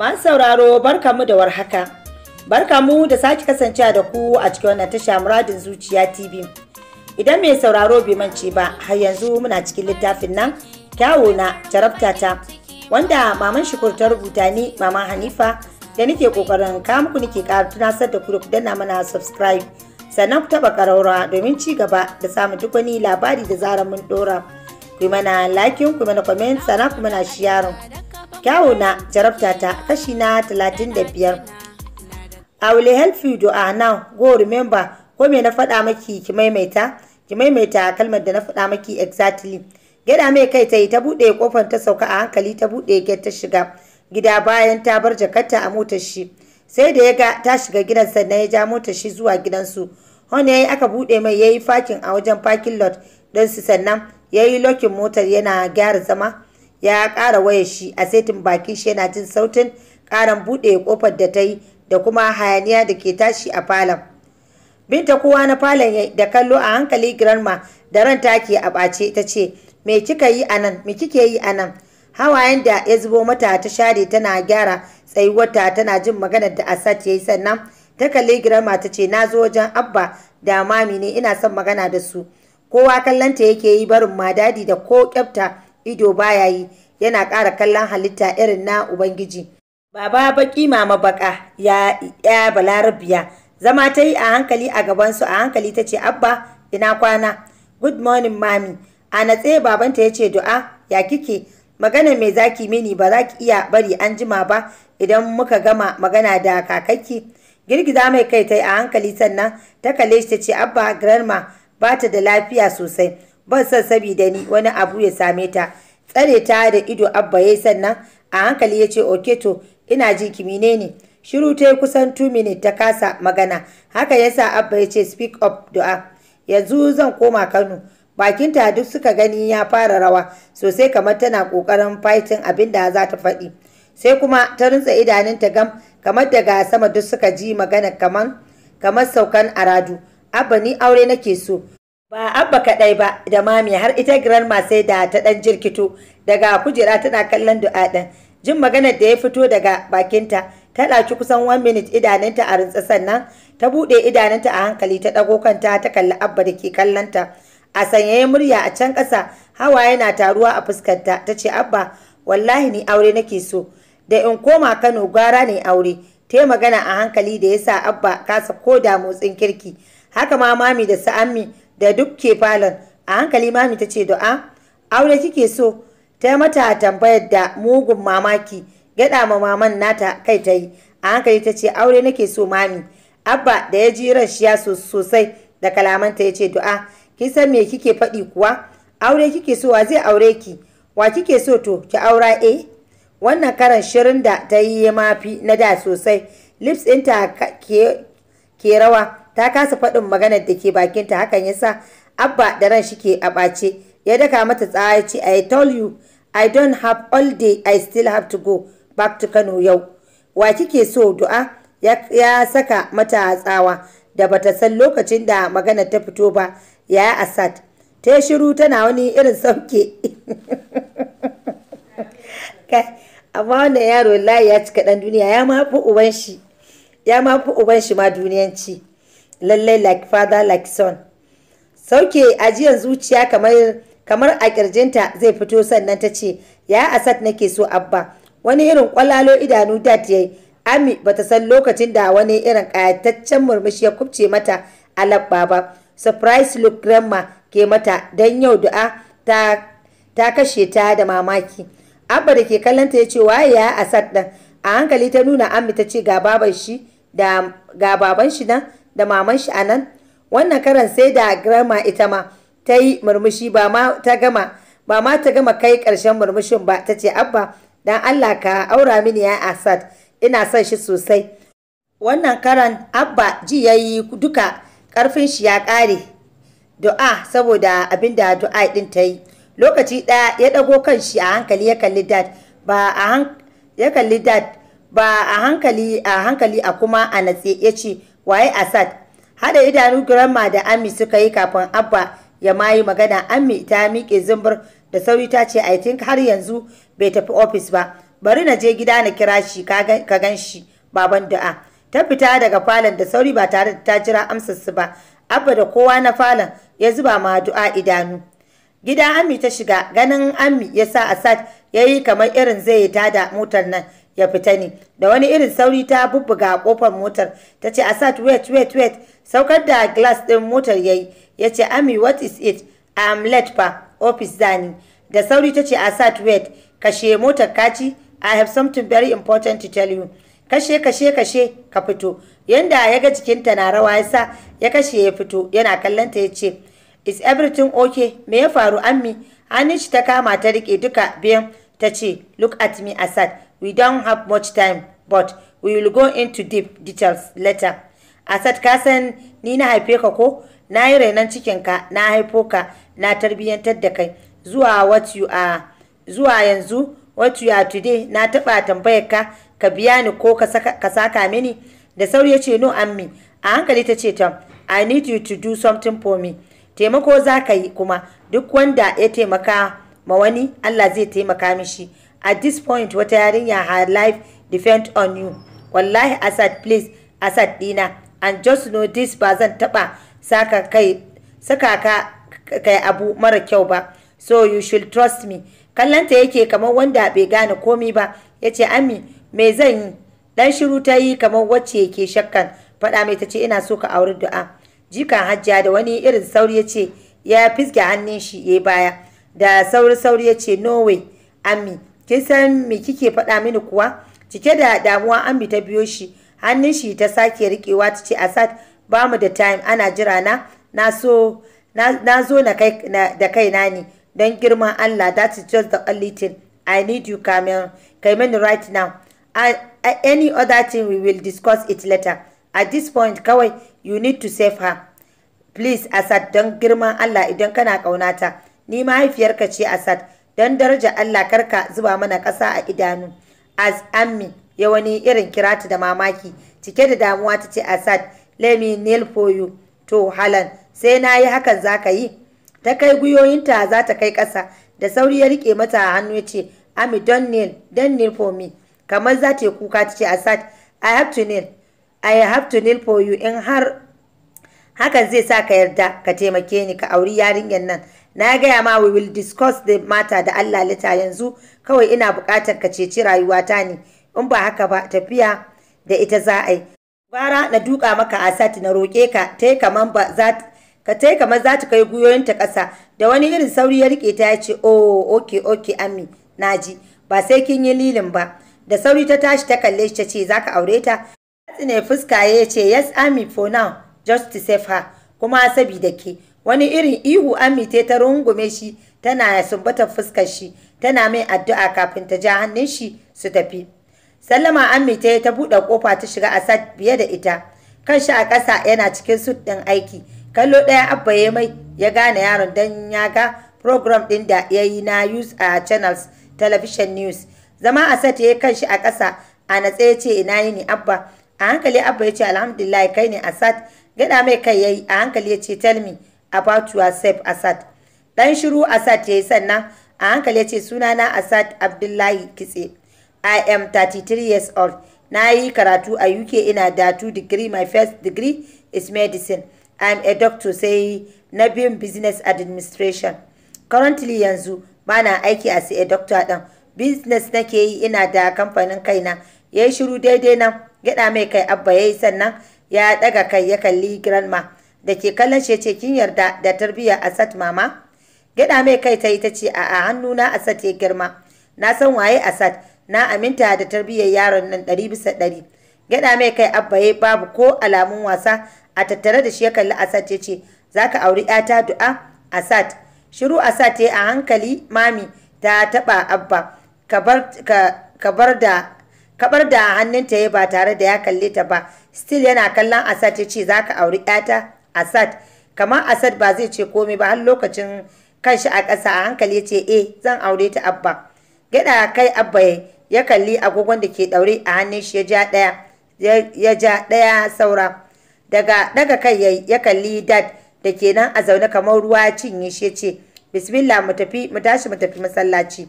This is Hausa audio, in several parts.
Masu sauraro barka mu da warhaka. Barka mu da sake kasancewa da ku a cikin wannan tasha muradin zuciya TV. Idan mai sauraro bai mance ba, har yanzu muna cikin littafin nan kyawo na jarabtata wanda maman shukur ta rubuta ni maman Hanifa da nake kokarin ka muku nake ƙara tunasar da ku da ku danna mana subscribe sannan ku taɓa ƙaraura domin ci gaba da samun duk wani labari da zarar mun ɗora. Ku mana lakin, ku mana comment, sannan ku mana yaron. kyawuna jarabta ta kashi na 35 i will help you do a ah, now go remember ko me na faɗa maki ki maimaita ki maimaita kalmar da na faɗa maki exactly gida mai kai ta yi ta buɗe kofar ta sauka a hankali ta buɗe gate ta shiga gida bayan ta bar jakarta a motar shi sai da ya ga ta shiga gidan sannan ya ja motar shi zuwa gidansu hon yayi aka buɗe mai yayi fakin a wajen parking lot don su sannan yayi lokin motar yana gyara zama ya ƙara wayar shi a setin bakin shi yana jin sautin ƙaran buɗe ƙofar da ta yi da kuma hayaniya da ke tashi a falon. Binta kowa na falon da kallo a hankali girarma da ran take a ɓace ta ce, Me kika yi a nan, me kike yi a nan? Hawayen da ya zubo mata ta share tana gyara tsayuwarta tana jin maganar da asat ya yi sannan ta kalli girarma ta ce, Na zo wajen Abba da Mami ne ina son magana da su. Kowa kallonta yake yi barin madadi da ko kyafta ido baya yi yana ƙara kallon halitta irin na ubangiji baba baki mama baka ya ya balarabiya zama ta yi a hankali a gabansu a hankali ta ce abba ina kwana good morning mami a natse babanta ya ce du'a ya kike magana mai zaki mini ba za ki iya bari an jima ba idan muka gama magana da kakaki girgiza mai kai ta yi a hankali sannan ta kalle shi ta ce abba grandma ba ta da lafiya sosai ban san sabida ni wani abu ya same ta tsare ta da ido abba yayi sannan a hankali ya ce oke to ina ji ki ne shiru ta yi kusan 2 minutes ta kasa magana haka yasa abba ya ce speak up du'a yanzu zan koma kano bakinta duk suka gani ya fara rawa sosai kamar tana kokarin fighting abin da za ta faɗi sai kuma ta rintsa idanunta gam kamar daga sama duk suka ji magana kamar kamar saukan aradu abba ni aure nake so ba abba kaɗai ba da mami har ita grandma sai da ta ɗan jirkito daga kujera tana kallon du'a ɗin jin maganar da ya fito daga bakinta ta ɗaki kusan one minute idanunta a rintsa sannan ta buɗe idanunta a hankali ta ɗago kanta ta kalli abba da ke kallonta a sanyaye murya a can ƙasa hawa yana taruwa a fuskarta ta ce abba wallahi ni aure nake so da in koma kano gwara ne aure ta yi magana a hankali da yasa abba kasa ko da motsin kirki haka ma mami da sa'ammi da duk ke falon a hankali mami ta ce do'a aure kike so ta mata tambayar da mugun mamaki gyaɗa ma maman nata kai ta yi a hankali ta ce aure nake so mami abba da ya ji ran shiya sosai da kalamanta ya ce do'a kin san me kike faɗi kuwa aure kike so wa zai aure ki wa kike so to ki aura eh wannan karan shirin da ta yi ya mafi na da sosai lips ɗinta ke rawa ta kasa faɗin maganar da ke bakinta hakan yasa abba da ran shi ke a ɓace ya daka mata tsaya ce i told you i don't have all day i still have to go back to kano yau wa kike so du'a ya saka mata tsawa da bata san lokacin da maganar ta fito ba ya asad ta yi shiru tana wani irin sauke amma wannan yaro layi ya cika dan duniya ya mafi uban ya mafi uban shi ma duniyanci lallai like father like son sauke ajiyar zuciya kamar kamar a kirjinta zai fito sannan ta ce ya asad nake so abba wani irin kwalalo idanu dat yayi ami bata san lokacin da wani irin kayataccen murmushi ya kubce mata a labba ba surprise look grandma ke mata don yau du'a ta kashe ta da mamaki abba da ke kallanta ya ce waye ya asad din a hankali ta nuna ami ta ce ga baban shi da ga baban shi nan da maman shi a nan wannan karan sai da grama ita ma ta yi murmushi ba ma ta gama ba ma ta gama kai karshen murmushin ba ta ce abba dan allah ka aura mini ya asad ina son shi sosai wannan karan abba ji ya yi duka karfin shi ya kare du'a saboda abin da du'a din ta yi lokaci ɗaya ya ɗago kan shi a hankali ya kalli dad ba a hankali ya kalli dad ba a hankali a hankali a kuma a natse ya ce waye Asad hada idanu grandma da Ami suka yi kafin Abba ya mayi magana Ami ta miƙe zumbur da sauri ta ce I think har yanzu bai tafi ofis ba bari na je gida na kira shi ka gan shi baban du'a ta fita daga falon da sauri ba tare da ta jira amsar su ba abba da kowa na falon ya zuba ma du'a idanu gida Ami ta shiga ganin Ami ya sa Asad yayi kamar irin zai tada motar nan ya fita ne da wani irin sauri ta bubbuga kofar motar ta ce a sat, wet wet wet saukar da glass din motar yayi ya ce ami what is it i am late fa office zani da sauri ta ce a sat, wet kashe motar kaci i have something very important to tell you kashe kashe kashe ka fito yanda ya ga jikinta na rawa ya sa ya kashe ya fito yana kallonta ya ce is everything okay me ya faru ammi hannun shi ta kama ta rike duka biyan ta ce look at me asad We don't have much time, but we will go into deep details later. Asad ka san ni na haife ka ko? Na yi rainon cikinka, na haifo ka, na tarbiyyantar da kai. Zuwa what you are, zuwa yanzu what you are today, na taɓa tambayar ka, ka biya ni ko ka saka mini. Da sauri ya ce no ammi, a hankali ta ce ta I need you to do something for me. Taimako za ka yi kuma duk wanda ya taimaka ma wani Allah zai taimaka mishi. at this point wata yarinya her life depend on you wallahi asad please asad dina and just know this ba zan taba saka kai saka ka kai abu mara kyau ba so you should trust me kallanta yake kamar wanda bai gane komi ba yace ami me zan yi dan shiru ta yi kamar wacce yake shakkan faɗa mai ta ce ina so ka auri du'a jikan hajja da wani irin sauri ya ce ya fisge hannun shi ya baya da sauri sauri ya ce no way ami kin san me kike faɗa mini kuwa cike da damuwa an bi ta biyo shi hannun shi ta sake riƙewa ta ce asad ba mu da time ana jira na na so na zo na kai da kaina ne don girma allah that is just the only thing i need you kamen right now any other thing we will discuss it later at this point kawai you need to save her please asad don girman allah idan kana ƙaunata ni mahaifiyarka ce asad don daraja Allah karka zuba mana ƙasa a idanu as ammi ya wani irin kirata da mamaki cike da damuwa ta ce asad let me nail for you to halan sai na yi hakan za ka yi ta kai gwiwoyinta za ta kai ƙasa da sauri ya rike mata hannu ya ce ami don nail don for me kamar za ta yi kuka ta ce asad i have to i have to nail for you in har hakan zai sa ka yarda ka taimake ni ka auri yarinyar nan na gaya ma we will discuss the matter da Allah lita yanzu kawai ina buƙatar ka ceci rayuwata ne in ba haka ba tafiya da ita za a yi bara na duka maka sati na roƙe ka ta yi kaman ba za ka tai kamar za ta kai ƙasa da wani irin sauri ya rike ta ya ce oh okay okay ami na ji, ba sai kin yi lilin ba da sauri ta tashi ta kalle shi ta ce za ka aure ta tsine fuska ya ce yes ami for now just to save her kuma sabida ke wani irin ihu amite ta rungume shi tana sumbata fuskar shi tana mai addu'a kafin ta ja hannun shi su tafi sallama amite ta buɗe kofa ta shiga asad biye da ita kanshi a ƙasa yana cikin sut ɗin aiki kallo ɗaya abba ya mai ya gane yaron don ya ga program ɗin da ya yi na news a channels television news zama asad ya yi kanshi a ƙasa a natse ya ce ina yini abba a hankali abba ya ce alhamdulillah kai ne asad gada mai kai yayi a hankali ya ce tell me about yourself Asad. Dan shiru Asad ya yi sannan a hankali ya ce sunana Asad Abdullahi Kitse. I am 33 years old. Na yi karatu a UK ina da two degree. My first degree is medicine. I am a doctor sai na bin business administration. Currently yanzu bana aiki as a doctor ɗin. Business nake yi ina da kamfanin kaina. Ya yi shiru daidai nan. Gyaɗa mai kai abba ya yi sannan ya ɗaga kai ya kalli grandma. da ke kallon shi ce kin yarda da tarbiyyar Asad mama gida mai kai ta yi ta ce a hannuna Asad ya girma na san waye Asad na aminta da tarbiyyar yaron nan ɗari bisa ɗari gida mai kai abba abbaye babu ko alamun wasa a tattare da shi ya kalli Asad ya ce za ka auri ‘yata du'a Asad shiru Asad ya a hankali mami ta taɓa abba kabar da hannunta ya ba tare da ya kalle ta ba still yana kallon Asad ya ce za ka auri ‘yata Asad kamar Asad ba zai ce komai ba har lokacin kanshi a ƙasa a hankali ya ce eh zan aure ta abba gyaɗa kai abba ya kalli agogon da ke ɗaure a hannun shi ya ja ɗaya ya saura daga daga kai ya kalli dad da ke nan a zaune kamar ruwa cinye shi ya ce bismillah mu tafi mu tashi mu tafi masallaci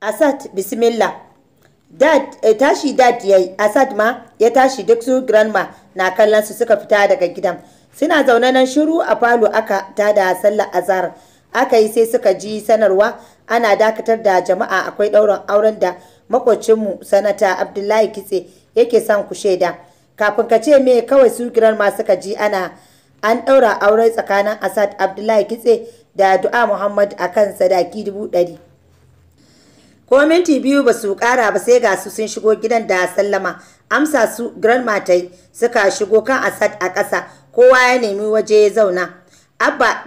asad bismillah dad eh, tashi dad yayi asad ma ya tashi duk su grandma na kallon su suka fita daga gidan suna zaune nan shiru a falo aka tada sallar azhar aka yi sai suka ji sanarwa ana dakatar da jama'a akwai ɗaurin auren da makocinmu sanata abdullahi kitse yake son ku shaida kafin ka ce me kawai su giran ma suka ji ana an ɗaura aure tsakanin asad abdullahi kitse da du'a muhammad a kan sadaki dubu ɗari ko minti biyu ba su ƙara ba sai ga su sun shigo gidan da sallama amsa su grandma ta suka shigo kan asad a ƙasa kowa ya nemi waje ya zauna abba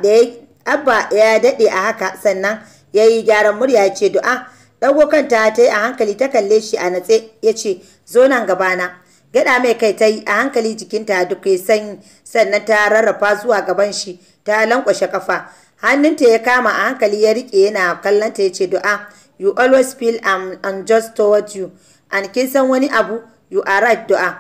ya daɗe a haka sannan ya yi gyaran murya ya ce du'a ɗago ta yi a hankali ta kalle shi a natse ya ce zo nan gabana gaɗa mai kai ta yi a hankali jikinta duk ya sanyi sannan ta rarrafa zuwa gaban shi ta lankwashe kafa hannunta ya kama a hankali ya riƙe yana kallon ta ya ce du'a you always feel I'm unjust toward you and kin san wani abu you are right du'a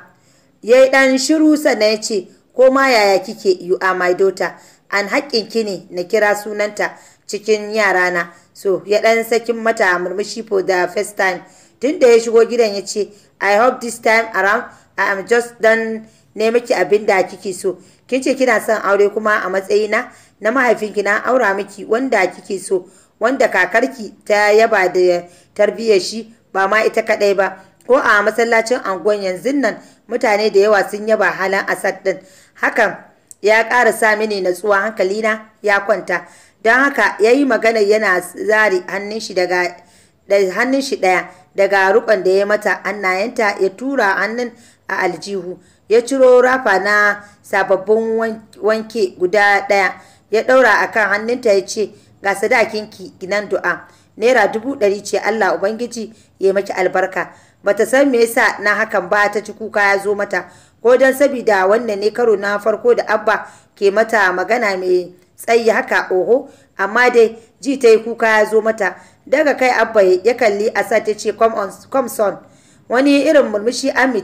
ya yi ɗan shiru sannan ya ce ko ma yaya kike you are my daughter an ki ne na kira sunanta cikin yarana so ya ɗan sakin mata murmushi for the first time tun da ya shigo gidan ya ce i hope this time around i am just done ne miki abin da kike so kin ce kina son aure kuma a matsayi na Na mahaifinki na aura miki wanda kike so wanda kakarki ta yaba da tarbiyyar shi ba ma ita kaɗai ba ko a masallacin anguwan yanzu nan mutane da yawa sun yaba halin asad din hakan ya ƙara sa mini natsuwa hankalina ya kwanta don haka ya yi magana yana zari hannun shi daga hannun shi ɗaya daga rukon da ya mata annayenta ya tura hannun a aljihu ya ciro rafa na sababbin wanke guda ɗaya ya ɗaura a kan hannunta ya ce ga sadakinki ginan du'a naira dubu ɗari ce allah ubangiji ya maki albarka bata san me yasa na hakan ba ta ci kuka ya zo mata ko don sabida wannan ne karo na farko da abba ke mata magana mai tsayi haka oho amma dai ji ta yi kuka ya zo mata daga kai abba ya kalli a sa ta ce come wani irin murmushi ami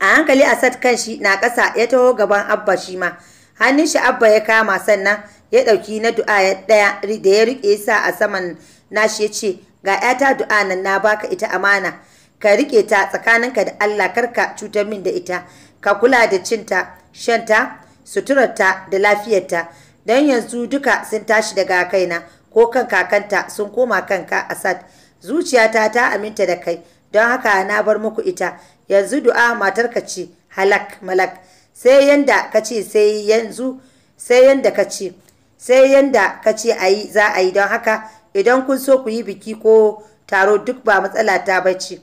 a hankali asad kan shi na kasa ya taho gaban abba shi ma hannun shi abba ya kama sannan ya ɗauki na du'a ɗaya da ya riƙe sa a saman nashi ya ce ga 'yata du'a nan na baka ita amana ka rike ta tsakaninka da Allah kar ka cutar min da ita ka kula da cinta shanta suturarta da lafiyarta don yanzu duka sun tashi daga kaina ko kan kakanta sun koma kanka asad zuciyata ta aminta da kai don haka na bar muku ita yanzu du'a matarka ce halak malak sai yanda ka ce sai yanzu sai yanda ka ce sai yanda ka ce a za a yi don haka idan kun so ku yi biki ko taro duk ba matsala ta bace.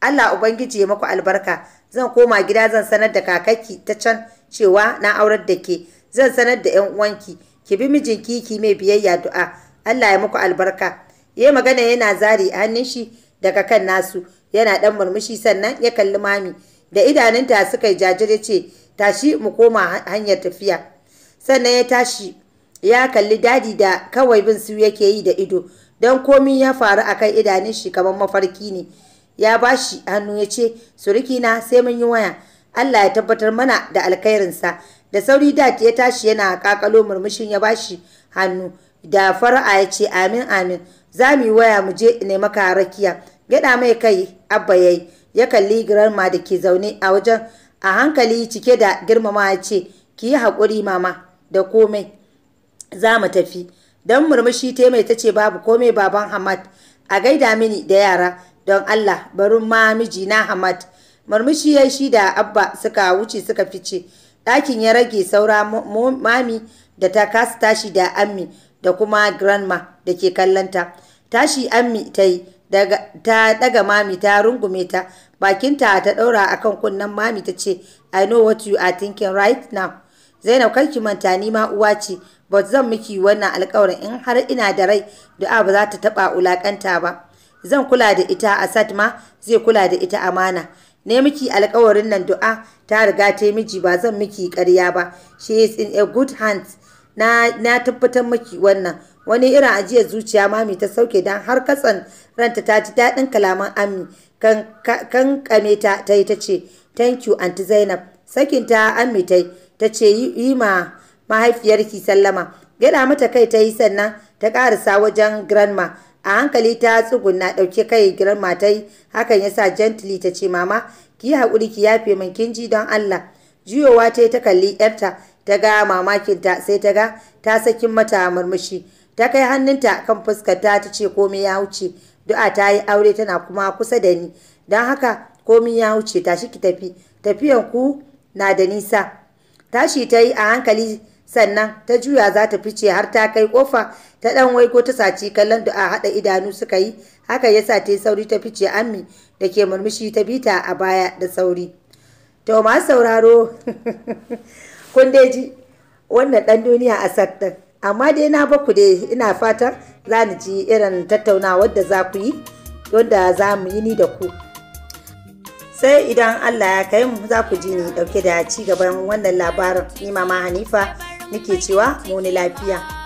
Allah Ubangiji ya maku albarka zan koma gida zan sanar da kakaki ta can cewa na aurar da ke zan sanar da 'yan uwanki ki bi mijinki ki mai biyayya du'a Allah ya muku albarka ya magana yana zari a hannun shi daga kan nasu yana dan murmushi sannan ya kalli mami da idanunta suka yi jajire ce tashi mu koma hanyar tafiya sannan ya tashi ya kalli dadi da kawai bin su yake yi da ido don komi ya faru akan idanun shi kamar mafarki ne ya ba shi hannu ya ce suriki na sai mun yi waya Allah ya tabbatar mana da alkhairinsa da sauri dat ya tashi yana kakalo murmushin ya ba shi hannu da fara'a ya ce amin amin za mu yi waya mu je ne maka rakiya gyaɗa mai kai abba yayi ya kalli girma da ke zaune a wajen a hankali cike da girmama ya ce ki yi haƙuri mama da komai za mu tafi don murmushi ta mai ta ce babu komai baban hamad a gaida mini da yara don Allah bari ma mijina Hamad murmushi ya shi da abba suka wuce suka fice ɗakin ya rage saura mami da ta kasa tashi da ammi da kuma grandma da ke kallanta tashi ammi ta yi ta daga mami ta rungume ta bakinta ta ɗaura a kan kunnen mami ta ce i know what you are thinking right now zainab kar ki manta ni ma uwa ce but zan miki wannan alkawarin in har ina da rai du'a ba za ta taɓa wulaƙanta ba zan kula da ita a satma zai kula da ita amana ne miki alkawarin nan du'a ta riga ta yi miji ba zan miki ƙarya ba she is in a good hands na na tabbatar miki wannan wani irin ajiyar zuciya mami ta sauke dan har katsan ranta ta ji daɗin kalaman ami kan kan kame ta ta yi ta ce thank you aunty Zainab sakin ta ami ta ta ce yi ma mahaifiyarki sallama gyaɗa mata kai ta yi sannan ta ƙarasa wajen grandma a hankali ta tsuguna ɗauke kai girma ta hakan ya sa gently ta ce mama ki yi haƙuri ki yafe min kin ji don allah juyowa ta ta kalli yarta ta ga mamakinta sai ta ga ta sakin mata murmushi ta kai hannunta kan fuskarta ta ce komai ya wuce du'a ta yi aure tana kuma kusa da ni don haka komai ya wuce tashi ki tafi tafiyan ku na da nisa tashi ta yi a hankali sannan ta juya za ta fice har ta kai kofa ta dan waiko ta saci kallon da a hada idanu suka yi haka yasa ta sauri ta fice ammi da ke murmushi ta bita a baya da sauri to ma sauraro kun dai ji wannan dan duniya a sattin amma dai na baku dai ina fata za ni ji irin tattaunawar da za ku yi wanda za mu yi ni da ku sai idan allah ya kai mu za ku ji ni dauke da ci gaban wannan labarin ni mama hanifa nake cewa mu ni lafiya